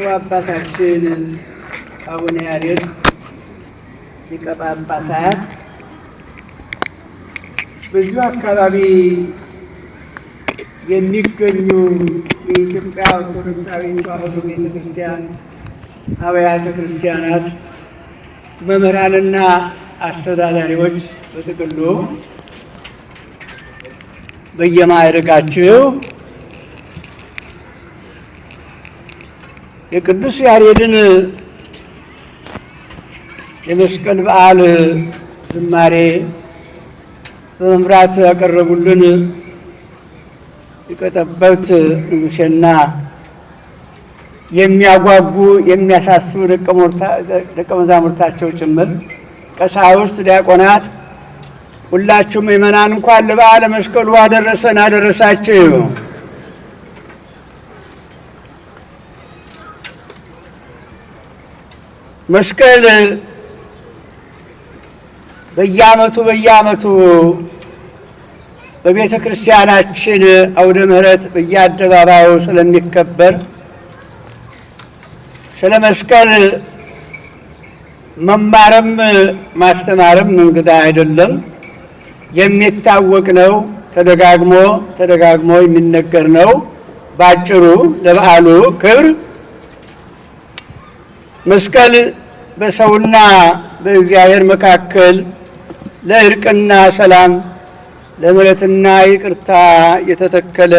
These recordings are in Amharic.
ብፁዕ አባታችን አቡነ ያሬድ ሊቀ ጳጳሳት በዚሁ አካባቢ የሚገኙ የኢትዮጵያ ኦርቶዶክሳዊ ተዋሕዶ ቤተክርስቲያን አብያተ ክርስቲያናት መምህራንና አስተዳዳሪዎች በጥቅሉ በየማዕረጋችሁ የቅዱስ ያሬድን የመስቀል በዓል ዝማሬ በመምራት ያቀረቡልን የቀጠበት ንጉሴና የሚያጓጉ የሚያሳስቡ ደቀ መዛሙርታቸው ጭምር ቀሳውስት፣ ዲያቆናት፣ ሁላችሁም ምእመናን እንኳን ለበዓለ መስቀሉ አደረሰን አደረሳችሁ። መስቀል በየዓመቱ በየዓመቱ በቤተ ክርስቲያናችን አውደ ምሕረት በየአደባባዩ ስለሚከበር ስለ መስቀል መማርም ማስተማርም እንግዳ አይደለም፣ የሚታወቅ ነው። ተደጋግሞ ተደጋግሞ የሚነገር ነው። ባጭሩ ለበዓሉ ክብር መስቀል በሰውና በእግዚአብሔር መካከል ለእርቅና ሰላም ለምሕረትና ይቅርታ የተተከለ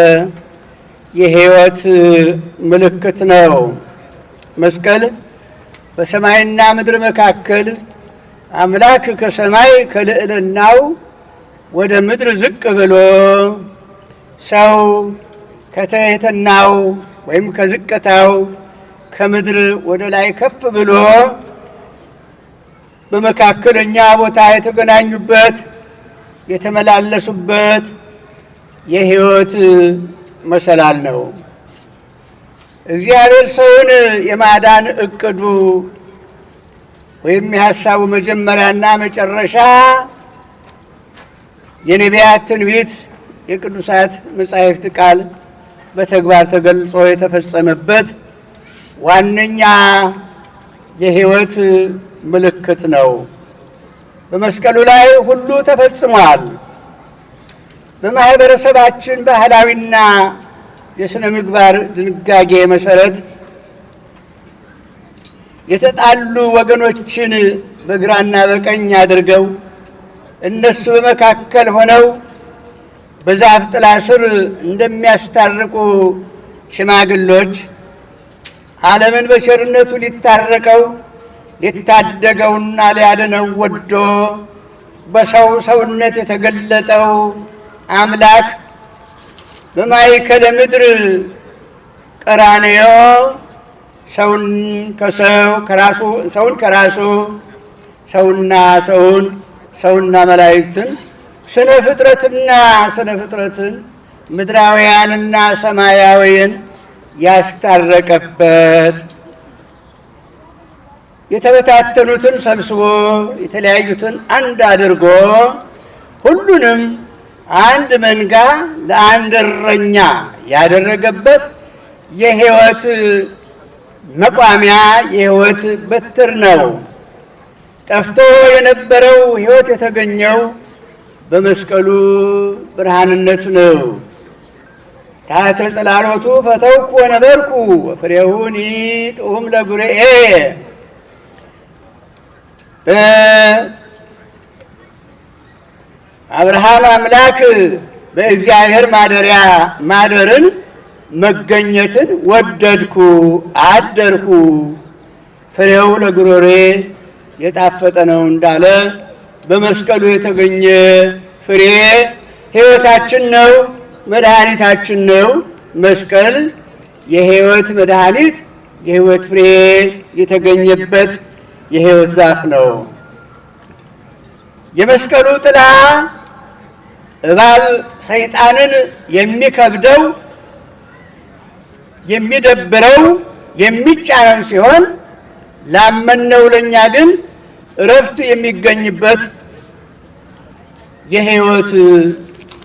የሕይወት ምልክት ነው። መስቀል በሰማይና ምድር መካከል አምላክ ከሰማይ ከልዕልናው ወደ ምድር ዝቅ ብሎ ሰው ከትሕትናው ወይም ከዝቅታው ከምድር ወደ ላይ ከፍ ብሎ በመካከለኛ ቦታ የተገናኙበት የተመላለሱበት የሕይወት መሰላል ነው። እግዚአብሔር ሰውን የማዳን እቅዱ ወይም የሐሳቡ መጀመሪያና መጨረሻ የነቢያት ትንቢት፣ የቅዱሳት መጻሕፍት ቃል በተግባር ተገልጾ የተፈጸመበት ዋነኛ የሕይወት ምልክት ነው። በመስቀሉ ላይ ሁሉ ተፈጽሟል። በማህበረሰባችን ባህላዊና የሥነ ምግባር ድንጋጌ መሠረት የተጣሉ ወገኖችን በግራና በቀኝ አድርገው እነሱ በመካከል ሆነው በዛፍ ጥላ ስር እንደሚያስታርቁ ሽማግሎች ዓለምን በቸርነቱ ሊታረቀው ሊታደገውና ሊያድነው ወዶ በሰው ሰውነት የተገለጠው አምላክ በማይከለ ምድር ቀራንዮ ሰውን ከሰው ከራሱ ሰውን ከራሱ ሰውና ሰውን ሰውና መላእክትን ስነ ፍጥረትና ስነ ፍጥረትን ምድራውያንና ሰማያዊን ያስታረቀበት የተበታተኑትን ሰብስቦ የተለያዩትን አንድ አድርጎ ሁሉንም አንድ መንጋ ለአንድ እረኛ ያደረገበት የህይወት መቋሚያ የህይወት በትር ነው። ጠፍቶ የነበረው ህይወት የተገኘው በመስቀሉ ብርሃንነት ነው። ታሕተ ጽላሎቱ ፈተውኩ ወነበርኩ ወፍሬሁኒ ጥዑም ለጉርኤ። አብርሃም አምላክ በእግዚአብሔር ማደሪያ ማደርን መገኘትን ወደድኩ አደርኩ ፍሬው ለጉሮሬ የጣፈጠ ነው እንዳለ በመስቀሉ የተገኘ ፍሬ ሕይወታችን ነው። መድኃኒታችን ነው። መስቀል የህይወት መድኃኒት የህይወት ፍሬ የተገኘበት የህይወት ዛፍ ነው። የመስቀሉ ጥላ እባብ ሰይጣንን የሚከብደው የሚደብረው የሚጫነው ሲሆን ላመነው ለእኛ ግን እረፍት የሚገኝበት የህይወት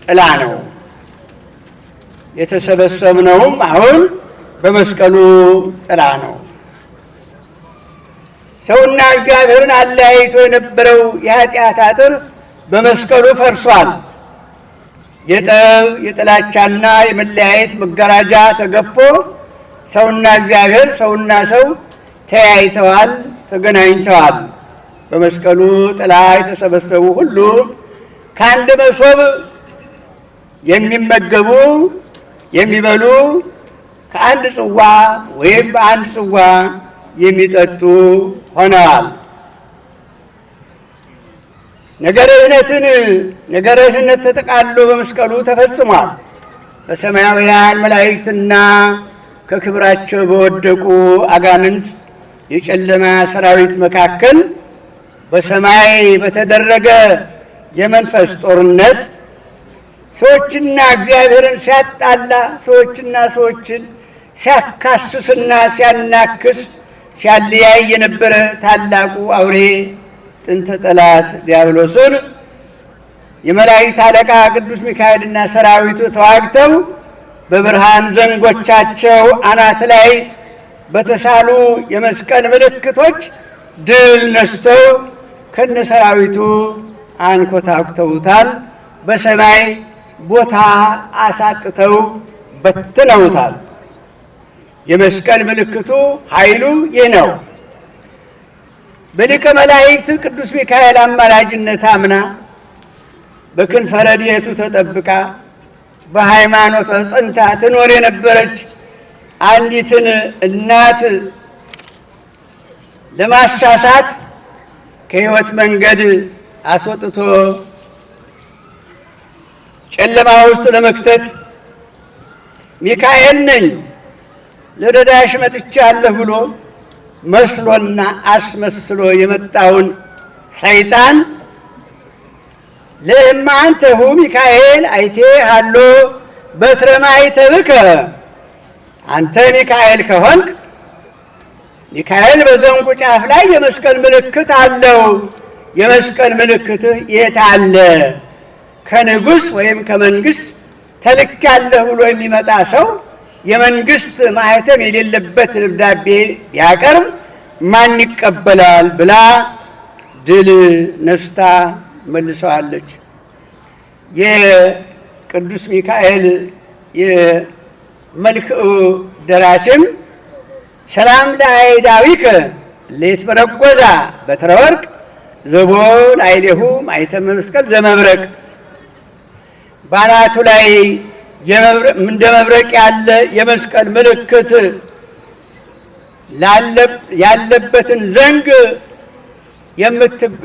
ጥላ ነው። የተሰበሰብነውም አሁን በመስቀሉ ጥላ ነው። ሰውና እግዚአብሔርን አለያይቶ የነበረው የኃጢአት አጥር በመስቀሉ ፈርሷል። የጠብ የጥላቻና የመለያየት መጋረጃ ተገፎ ሰውና እግዚአብሔር ሰውና ሰው ተያይተዋል፣ ተገናኝተዋል። በመስቀሉ ጥላ የተሰበሰቡ ሁሉ ከአንድ መሶብ የሚመገቡ የሚበሉ ከአንድ ጽዋ ወይም በአንድ ጽዋ የሚጠጡ ሆነዋል። ነገረ ድህነትን ነገረ ድህነት ተጠቃሎ በመስቀሉ ተፈጽሟል። በሰማያውያን መላእክትና ከክብራቸው በወደቁ አጋንንት የጨለማ ሰራዊት መካከል በሰማይ በተደረገ የመንፈስ ጦርነት ሰዎችና እግዚአብሔርን ሲያጣላ፣ ሰዎችና ሰዎችን ሲያካስስና ሲያናክስ ሲያለያይ የነበረ ታላቁ አውሬ ጥንተ ጠላት ዲያብሎስን የመላእክት አለቃ ቅዱስ ሚካኤልና ሰራዊቱ ተዋግተው በብርሃን ዘንጎቻቸው አናት ላይ በተሳሉ የመስቀል ምልክቶች ድል ነስተው ከነ ሰራዊቱ አንኮታኩተውታል። በሰማይ ቦታ አሳጥተው በትነውታል። የመስቀል ምልክቱ ኃይሉ ይህ ነው። በሊቀ መላእክት ቅዱስ ሚካኤል አማላጅነት አምና በክንፈ ረድኤቱ ተጠብቃ በሃይማኖት ጽንታ ትኖር የነበረች አንዲትን እናት ለማሳሳት ከሕይወት መንገድ አስወጥቶ ጨለማ ውስጥ ለመክተት ሚካኤል ነኝ ልረዳሽ መጥቻለሁ ብሎ መስሎና አስመስሎ የመጣውን ሰይጣን ለእማንተሁ ሚካኤል አይቴ አሎ በትረማይ ተብከ አንተ ሚካኤል ከሆንክ ሚካኤል በዘንጉ ጫፍ ላይ የመስቀል ምልክት አለው። የመስቀል ምልክትህ የት አለ? ከንጉስ ወይም ከመንግስት ተልኬያለሁ ብሎ የሚመጣ ሰው የመንግስት ማህተም የሌለበት ደብዳቤ ቢያቀርብ ማን ይቀበላል ብላ ድል ነፍስታ መልሰዋለች። የቅዱስ ሚካኤል የመልክዑ ደራሲም ሰላም ለአይዳዊከ ለየትበረጎዛ በትረ ወርቅ ዘቦ ላይሌሁ ማይተመ መስቀል ዘመብረቅ በአናቱ ላይ እንደ መብረቅ ያለ የመስቀል ምልክት ያለበትን ዘንግ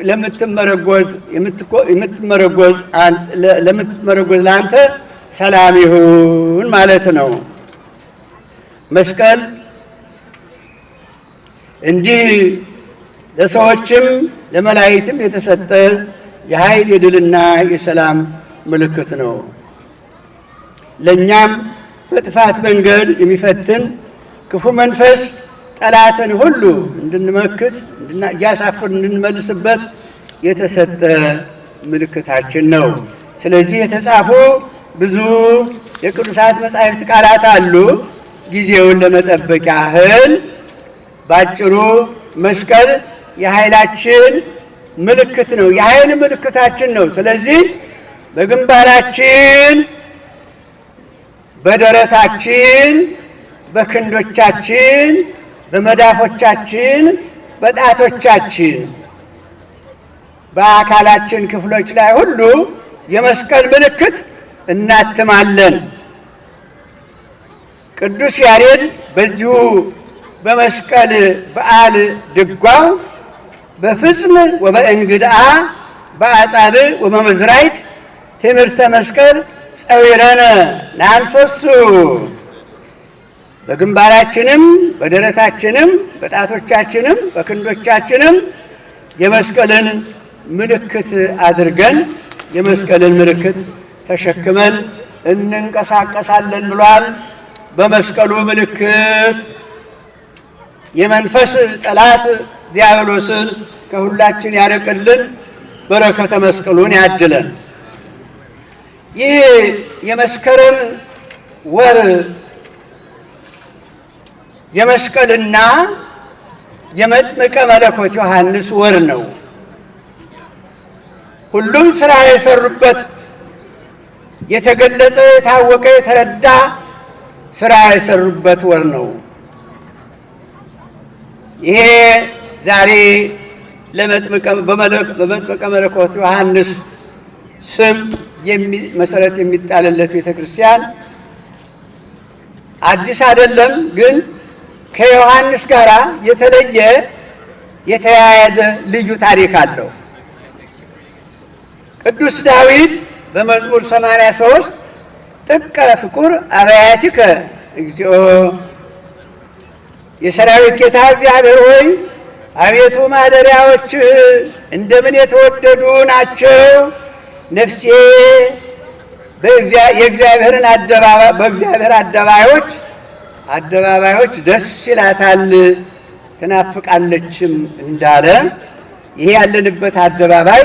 ለምትመረጎዝ ለምትመረጎዝ ለአንተ ሰላም ይሁን ማለት ነው። መስቀል እንዲህ ለሰዎችም ለመላእክትም የተሰጠ የኃይል የድልና የሰላም ምልክት ነው። ለእኛም በጥፋት መንገድ የሚፈትን ክፉ መንፈስ ጠላትን ሁሉ እንድንመክት እያሳፍር እንድንመልስበት የተሰጠ ምልክታችን ነው። ስለዚህ የተጻፉ ብዙ የቅዱሳት መጻሕፍት ቃላት አሉ። ጊዜውን ለመጠበቅ ያህል ባጭሩ መስቀል የኃይላችን ምልክት ነው፣ የኃይል ምልክታችን ነው። ስለዚህ በግንባራችን፣ በደረታችን፣ በክንዶቻችን፣ በመዳፎቻችን፣ በጣቶቻችን በአካላችን ክፍሎች ላይ ሁሉ የመስቀል ምልክት እናትማለን። ቅዱስ ያሬድ በዚሁ በመስቀል በዓል ድጓው በፍጽም ወበእንግድአ በአጻብ ወበመዝራይት ትምህርተ መስቀል ጸዊረነ ናንሰሱ በግንባራችንም በደረታችንም በጣቶቻችንም በክንዶቻችንም የመስቀልን ምልክት አድርገን የመስቀልን ምልክት ተሸክመን እንንቀሳቀሳለን ብሏል። በመስቀሉ ምልክት የመንፈስ ጠላት ዲያብሎስን ከሁላችን ያርቅልን፣ በረከተ መስቀሉን ያድለን። ይህ የመስከረም ወር የመስቀልና የመጥምቀ መለኮት ዮሐንስ ወር ነው። ሁሉም ስራ የሰሩበት የተገለጸ፣ የታወቀ፣ የተረዳ ስራ የሰሩበት ወር ነው። ይሄ ዛሬ በመጥምቀ መለኮት ዮሐንስ ስም መሰረት የሚጣልለት ቤተ ክርስቲያን አዲስ አይደለም፣ ግን ከዮሐንስ ጋር የተለየ የተያያዘ ልዩ ታሪክ አለው። ቅዱስ ዳዊት በመዝሙር 83 ጥቀ ፍቁር አብያቲከ እግዚኦ የሰራዊት ጌታ እግዚአብሔር ሆይ አቤቱ ማደሪያዎች እንደምን የተወደዱ ናቸው ነፍሴ የእግዚአብሔርን አደባባይ በእግዚአብሔር አደባባዮች አደባባዮች ደስ ይላታል ትናፍቃለችም እንዳለ ይሄ ያለንበት አደባባይ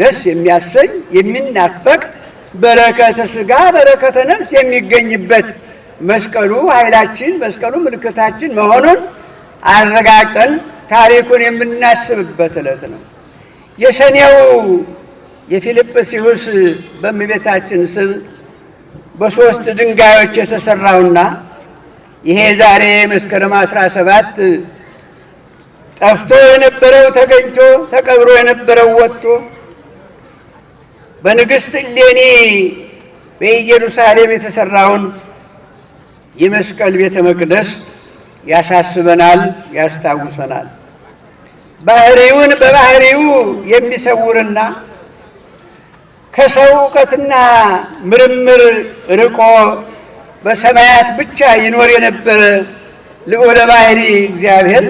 ደስ የሚያሰኝ የሚናፈቅ በረከተ ስጋ በረከተ ነፍስ የሚገኝበት መስቀሉ ኃይላችን መስቀሉ ምልክታችን መሆኑን አረጋግጠን ታሪኩን የምናስብበት ዕለት ነው። የሰኔው የፊልጵስዩስ በእመቤታችን ስም በሦስት ድንጋዮች የተሠራውና ይሄ ዛሬ መስከረም አስራ ሰባት ጠፍቶ የነበረው ተገኝቶ ተቀብሮ የነበረው ወጥቶ በንግሥት እሌኒ በኢየሩሳሌም የተሠራውን የመስቀል ቤተ መቅደስ ያሳስበናል፣ ያስታውሰናል። ባህሪውን በባህሪው የሚሰውርና ከሰው እውቀትና ምርምር ርቆ በሰማያት ብቻ ይኖር የነበረ ልዑለ እግዚአብሔር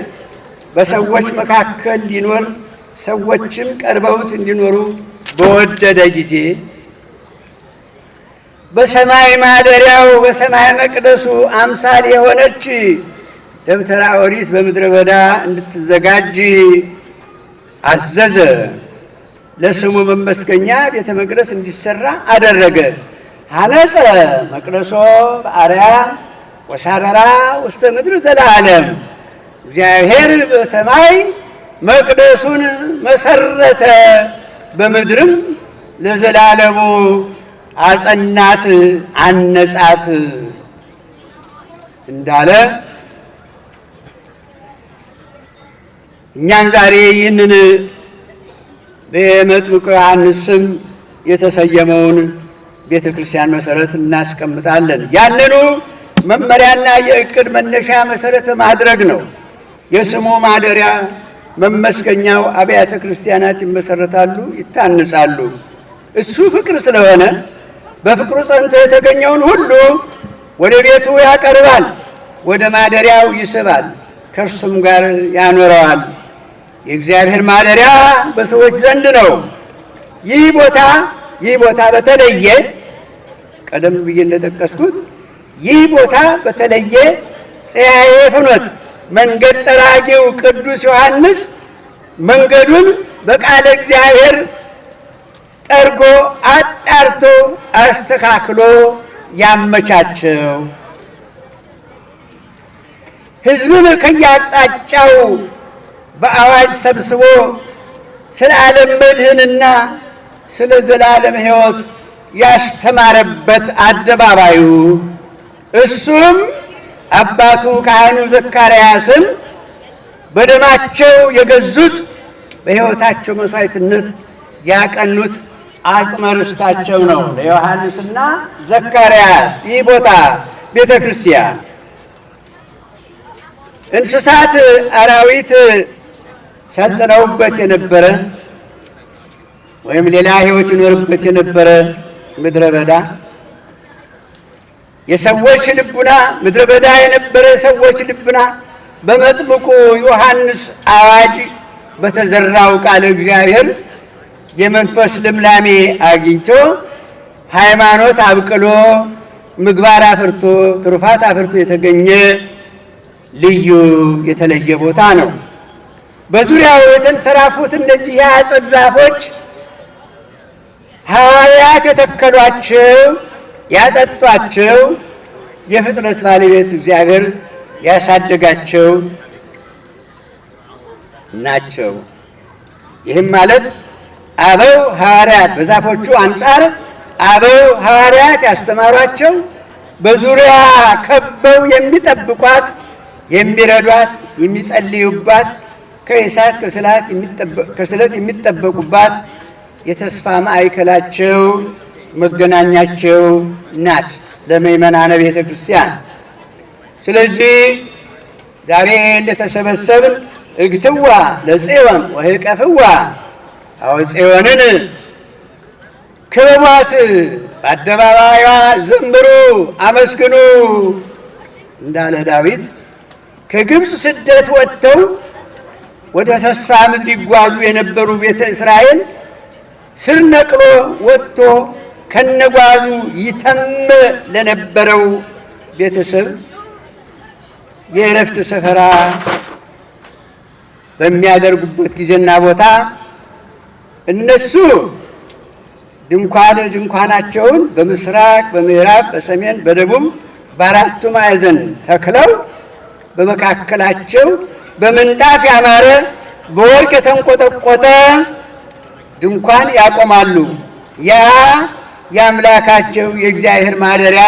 በሰዎች መካከል ሊኖር ሰዎችም ቀርበውት እንዲኖሩ በወደደ ጊዜ በሰማይ ማደሪያው በሰማይ መቅደሱ አምሳል የሆነች ደብተራ ኦሪት በምድረ በዳ እንድትዘጋጅ አዘዘ። ለስሙ መመስገኛ ቤተ መቅደስ እንዲሰራ አደረገ። አነጸ መቅደሶ በአርያ ወሳደራ ውስተ ምድር ዘላለም። እግዚአብሔር በሰማይ መቅደሱን መሰረተ፣ በምድርም ለዘላለሙ አጸናት አነጻት እንዳለ እኛም ዛሬ ይህንን በመጥምቁ ዮሐንስ ስም የተሰየመውን ቤተ ክርስቲያን መሰረት እናስቀምጣለን። ያንኑ መመሪያና የእቅድ መነሻ መሰረት ማድረግ ነው የስሙ ማደሪያ መመስገኛው አብያተ ክርስቲያናት ይመሰረታሉ፣ ይታንጻሉ። እሱ ፍቅር ስለሆነ በፍቅሩ ጸንቶ የተገኘውን ሁሉ ወደ ቤቱ ያቀርባል፣ ወደ ማደሪያው ይስባል፣ ከእርሱም ጋር ያኖረዋል። የእግዚአብሔር ማደሪያ በሰዎች ዘንድ ነው። ይህ ቦታ ይህ ቦታ በተለየ ቀደም ብዬ እንደጠቀስኩት ይህ ቦታ በተለየ ፀያዬ ፍኖት መንገድ ጠራጊው ቅዱስ ዮሐንስ መንገዱን በቃለ እግዚአብሔር ጠርጎ አጣርቶ አስተካክሎ ያመቻቸው ሕዝብን ከያጣጫው በአዋጅ ሰብስቦ ስለ ዓለም መድህንና ስለ ዘላለም ሕይወት ያስተማረበት አደባባዩ እሱም አባቱ ካህኑ ዘካርያስን በደማቸው የገዙት በሕይወታቸው መሥዋዕትነት ያቀኑት አጽመ ርስታቸው ነው። ለዮሐንስና ዘካርያስ ይህ ቦታ ቤተ ክርስቲያን እንስሳት አራዊት ሰጥረውበት የነበረ ወይም ሌላ ህይወት ይኖርበት የነበረ ምድረ በዳ የሰዎች ልቡና ምድረ በዳ የነበረ የሰዎች ልቡና በመጥምቁ ዮሐንስ አዋጅ በተዘራው ቃል እግዚአብሔር የመንፈስ ልምላሜ አግኝቶ ሃይማኖት አብቅሎ ምግባር አፍርቶ ትሩፋት አፍርቶ የተገኘ ልዩ የተለየ ቦታ ነው። በዙሪያው የተንሰራፉት እነዚህ የአጽድ ዛፎች ሐዋርያት የተከሏቸው ያጠጧቸው የፍጥረት ባለቤት እግዚአብሔር ያሳደጋቸው ናቸው። ይህም ማለት አበው ሐዋርያት በዛፎቹ አንጻር አበው ሐዋርያት ያስተማሯቸው በዙሪያ ከበው የሚጠብቋት፣ የሚረዷት፣ የሚጸልዩባት ከእሳት ከስለት የሚጠበቁባት የተስፋ ማዕከላቸው መገናኛቸው ናት ለምእመናነ ቤተ ክርስቲያን። ስለዚህ ዛሬ እንደተሰበሰብን እግትዋ ለጽዮን ወህቀፍዋ አዎ ጽዮንን ክበቧት፣ በአደባባይዋ ዘምሩ፣ አመስግኑ እንዳለ ዳዊት ከግብፅ ስደት ወጥተው ወደ ተስፋ ምድር ይጓዙ የነበሩ ቤተ እስራኤል ስር ነቅሎ ወጥቶ ከነጓዙ ይተም ለነበረው ቤተሰብ የእረፍት ሰፈራ በሚያደርጉበት ጊዜና ቦታ እነሱ ድንኳን ድንኳናቸውን በምስራቅ፣ በምዕራብ፣ በሰሜን፣ በደቡብ በአራቱ ማዕዘን ተክለው በመካከላቸው በምንጣፍ ያማረ በወርቅ የተንቆጠቆጠ ድንኳን ያቆማሉ። ያ የአምላካቸው የእግዚአብሔር ማደሪያ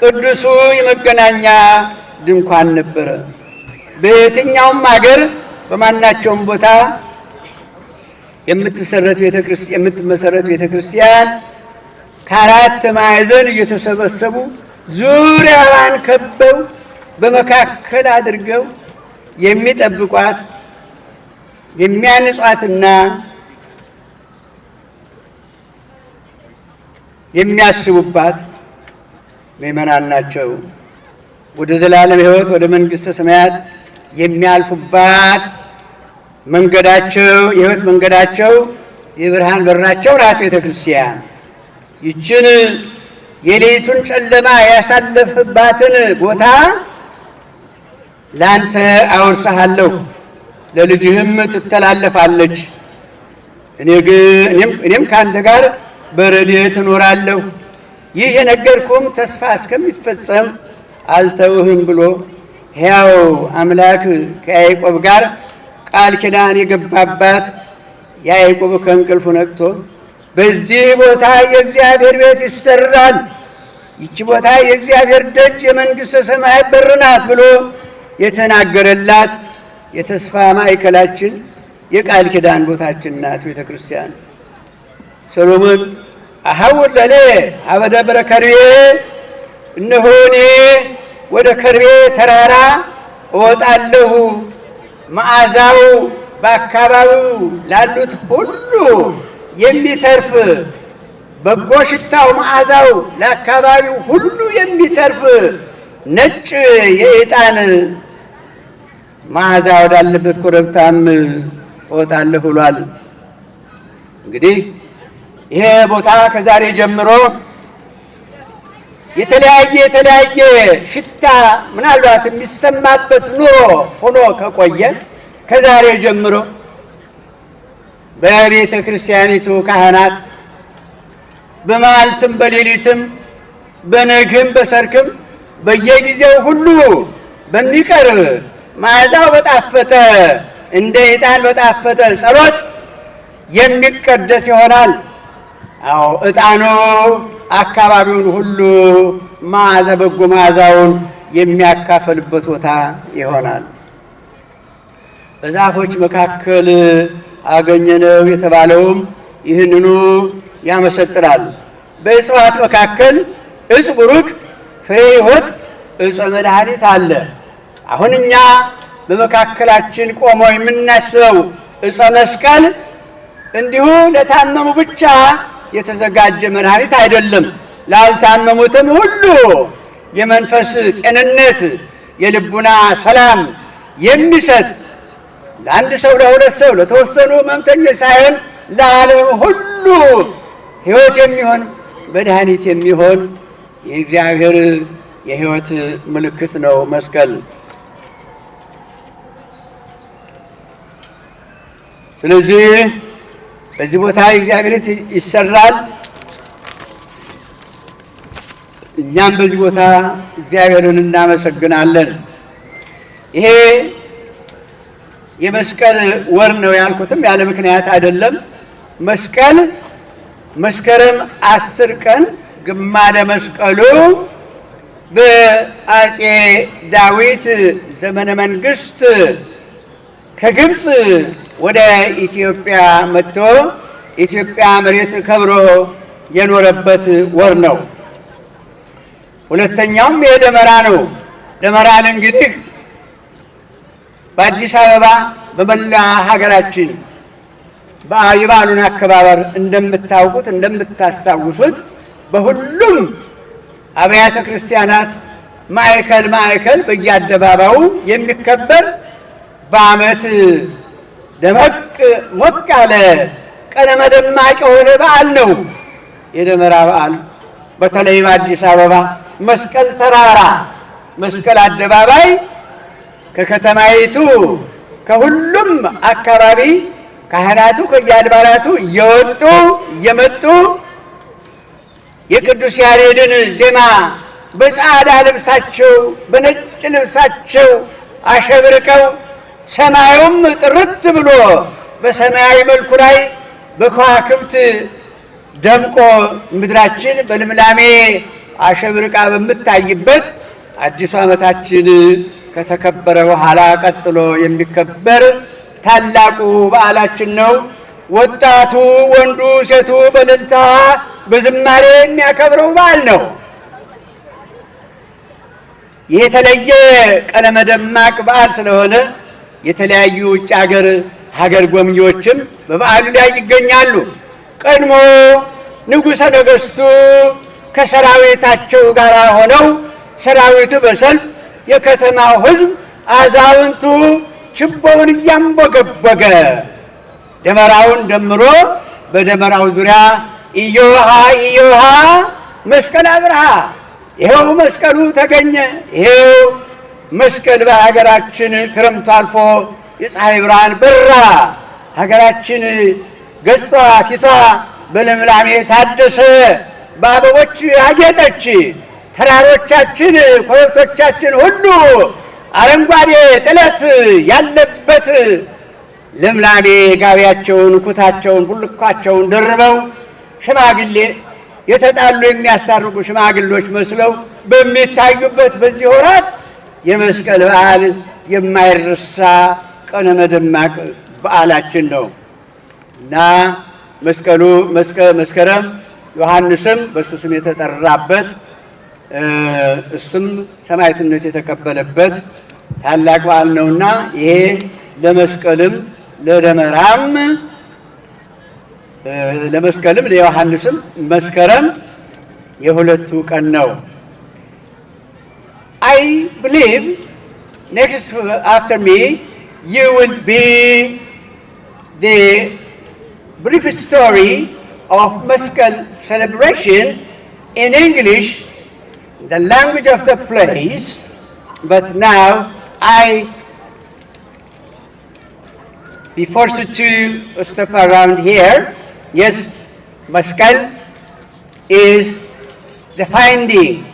ቅዱሱ የመገናኛ ድንኳን ነበረ። በየትኛውም አገር በማናቸውም ቦታ የምትመሰረት ቤተ ክርስቲያን ከአራት ማዕዘን እየተሰበሰቡ ዙሪያዋን ከበው በመካከል አድርገው የሚጠብቋት የሚያንጿትና የሚያስቡባት ምእመናን ናቸው። ወደ ዘላለም ሕይወት ወደ መንግሥተ ሰማያት የሚያልፉባት መንገዳቸው የሕይወት መንገዳቸው የብርሃን በራቸው ናት ቤተ ክርስቲያን። ይችን የሌቱን ጨለማ ያሳለፍባትን ቦታ ለአንተ አወርሰሃለሁ፣ ለልጅህም ትተላለፋለች። እኔም ከአንተ ጋር በረድኤት እኖራለሁ፣ ይህ የነገርኩም ተስፋ እስከሚፈጸም አልተውህም ብሎ ሕያው አምላክ ከያዕቆብ ጋር ቃል ኪዳን የገባባት ያዕቆብ ከእንቅልፉ ነቅቶ በዚህ ቦታ የእግዚአብሔር ቤት ይሰራል፣ ይቺ ቦታ የእግዚአብሔር ደጅ የመንግሥተ ሰማይ በር ናት ብሎ የተናገረላት የተስፋ ማዕከላችን የቃል ኪዳን ቦታችን ናት ቤተ ክርስቲያን። ሰሎሞን አሐውር ለእኔ ኀበ ከርቤ፣ እነሆ እኔ ወደ ከርቤ ተራራ እወጣለሁ፣ መዓዛው በአካባቢው ላሉት ሁሉ የሚተርፍ በጎ ሽታው መዓዛው ለአካባቢው ሁሉ የሚተርፍ ነጭ የዕጣን መዓዛ ወዳለበት ኮረብታም እወጣለሁ ብሏል። እንግዲህ ይሄ ቦታ ከዛሬ ጀምሮ የተለያየ የተለያየ ሽታ ምናልባት የሚሰማበት ኑሮ ሆኖ ከቆየ ከዛሬ ጀምሮ በቤተ ክርስቲያኒቱ ካህናት በመዓልትም በሌሊትም በነግህም በሰርክም በየጊዜው ሁሉ በሚቀርብ መዓዛው በጣፈተ እንደ ዕጣን በጣፈተ ጸሎት የሚቀደስ ይሆናል። አዎ ዕጣኑ አካባቢውን ሁሉ መዓዛ በጎ መዓዛውን የሚያካፈልበት ቦታ ይሆናል። በዛፎች መካከል አገኘነው የተባለውም ይህንኑ ያመሰጥራል። በእጽዋት መካከል እጽ ቡሩክ ፍሬ ሕይወት እጸ መድኃኒት አለ። አሁን እኛ በመካከላችን ቆመው የምናስበው እጸ መስቀል እንዲሁ ለታመሙ ብቻ የተዘጋጀ መድኃኒት አይደለም። ላልታመሙትም ሁሉ የመንፈስ ጤንነት፣ የልቡና ሰላም የሚሰጥ ለአንድ ሰው፣ ለሁለት ሰው፣ ለተወሰኑ ሕመምተኞች ሳይሆን ለዓለም ሁሉ ሕይወት የሚሆን መድኃኒት የሚሆን የእግዚአብሔር የሕይወት ምልክት ነው መስቀል። ስለዚህ በዚህ ቦታ እግዚአብሔር ይሰራል። እኛም በዚህ ቦታ እግዚአብሔርን እናመሰግናለን። ይሄ የመስቀል ወር ነው ያልኩትም ያለ ምክንያት አይደለም። መስቀል መስከረም አስር ቀን ግማደ መስቀሉ በአፄ ዳዊት ዘመነ መንግስት ከግብፅ ወደ ኢትዮጵያ መጥቶ ኢትዮጵያ መሬት ከብሮ የኖረበት ወር ነው። ሁለተኛውም የደመራ ነው። ደመራን እንግዲህ በአዲስ አበባ በመላ ሀገራችን የበዓሉን አከባበር እንደምታውቁት እንደምታስታውሱት በሁሉም አብያተ ክርስቲያናት ማዕከል ማዕከል በየአደባባዩ የሚከበር በዓመት ደመቅ ሞቅ ያለ ቀለመ ደማቅ የሆነ በዓል ነው የደመራ በዓል። በተለይም በአዲስ አበባ መስቀል ተራራ መስቀል አደባባይ ከከተማይቱ ከሁሉም አካባቢ ካህናቱ ከየአድባራቱ እየወጡ እየመጡ የቅዱስ ያሬድን ዜማ በጻዕዳ ልብሳቸው በነጭ ልብሳቸው አሸብርቀው ሰማዩም ጥርት ብሎ በሰማያዊ መልኩ ላይ በከዋክብት ደምቆ ምድራችን በልምላሜ አሸብርቃ በምታይበት አዲሱ ዓመታችን ከተከበረ በኋላ ቀጥሎ የሚከበር ታላቁ በዓላችን ነው። ወጣቱ፣ ወንዱ፣ ሴቱ በእልልታ በዝማሬ የሚያከብረው በዓል ነው። ይህ የተለየ ቀለመ ደማቅ በዓል ስለሆነ የተለያዩ ውጭ ሀገር ሀገር ጎብኚዎችም በበዓሉ ላይ ይገኛሉ። ቀድሞ ንጉሠ ነገሥቱ ከሰራዊታቸው ጋር ሆነው ሰራዊቱ በሰልፍ የከተማው ሕዝብ አዛውንቱ ችቦውን እያንቦገቦገ ደመራውን ደምሮ በደመራው ዙሪያ ኢዮሃ ኢዮሃ መስቀል አብርሃ፣ ይኸው መስቀሉ ተገኘ። ይኸው መስቀል በሀገራችን ክረምቶ አልፎ የፀሐይ ብርሃን በራ። ሀገራችን ገጿ ፊቷ በለምላሜ ታደሰ፣ በአበቦች አጌጠች። ተራሮቻችን ኮረብቶቻችን ሁሉ አረንጓዴ ጥለት ያለበት ለምላሜ ጋቢያቸውን ኩታቸውን ቡልኳቸውን ደርበው ሽማግሌ የተጣሉ የሚያስታርቁ ሽማግሎች መስለው በሚታዩበት በዚህ ወራት የመስቀል በዓል የማይረሳ ቀነ መደማቅ በዓላችን ነው እና መስቀሉ መስከረም ዮሐንስም በእሱ ስም የተጠራበት እሱም ሰማዕትነት የተቀበለበት ታላቅ በዓል ነውና ይሄ ለመስቀልም ለደመራም ለመስቀልም ለዮሐንስም መስከረም የሁለቱ ቀን ነው። አይ ብሊቭ ኔክስት አፍተር ሚ ዩ ዊል ቢ ዲ ብሪፍ ስቶሪ ኦፍ መስቀል ሴሌብሬሽን ኢን እንግሊሽ the language of the place, but now I be forced to step around here Yes, Maskal is the finding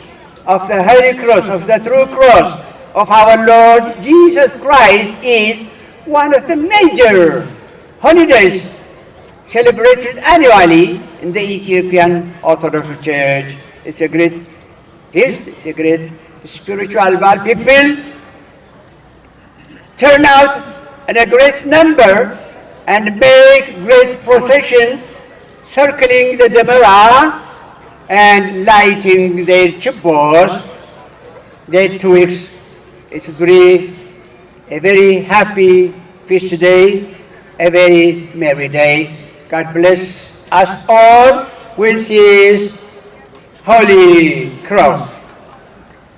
of the Holy Cross, of the true cross of our Lord Jesus Christ is one of the major holidays celebrated annually in the Ethiopian Orthodox Church. It's a great feast, it's a great spiritual bar. People turn out in a great number and make great procession circling the Demerara and lighting their chibors, their twigs. It's very, a very happy feast day, a very merry day. God bless us all with his holy cross.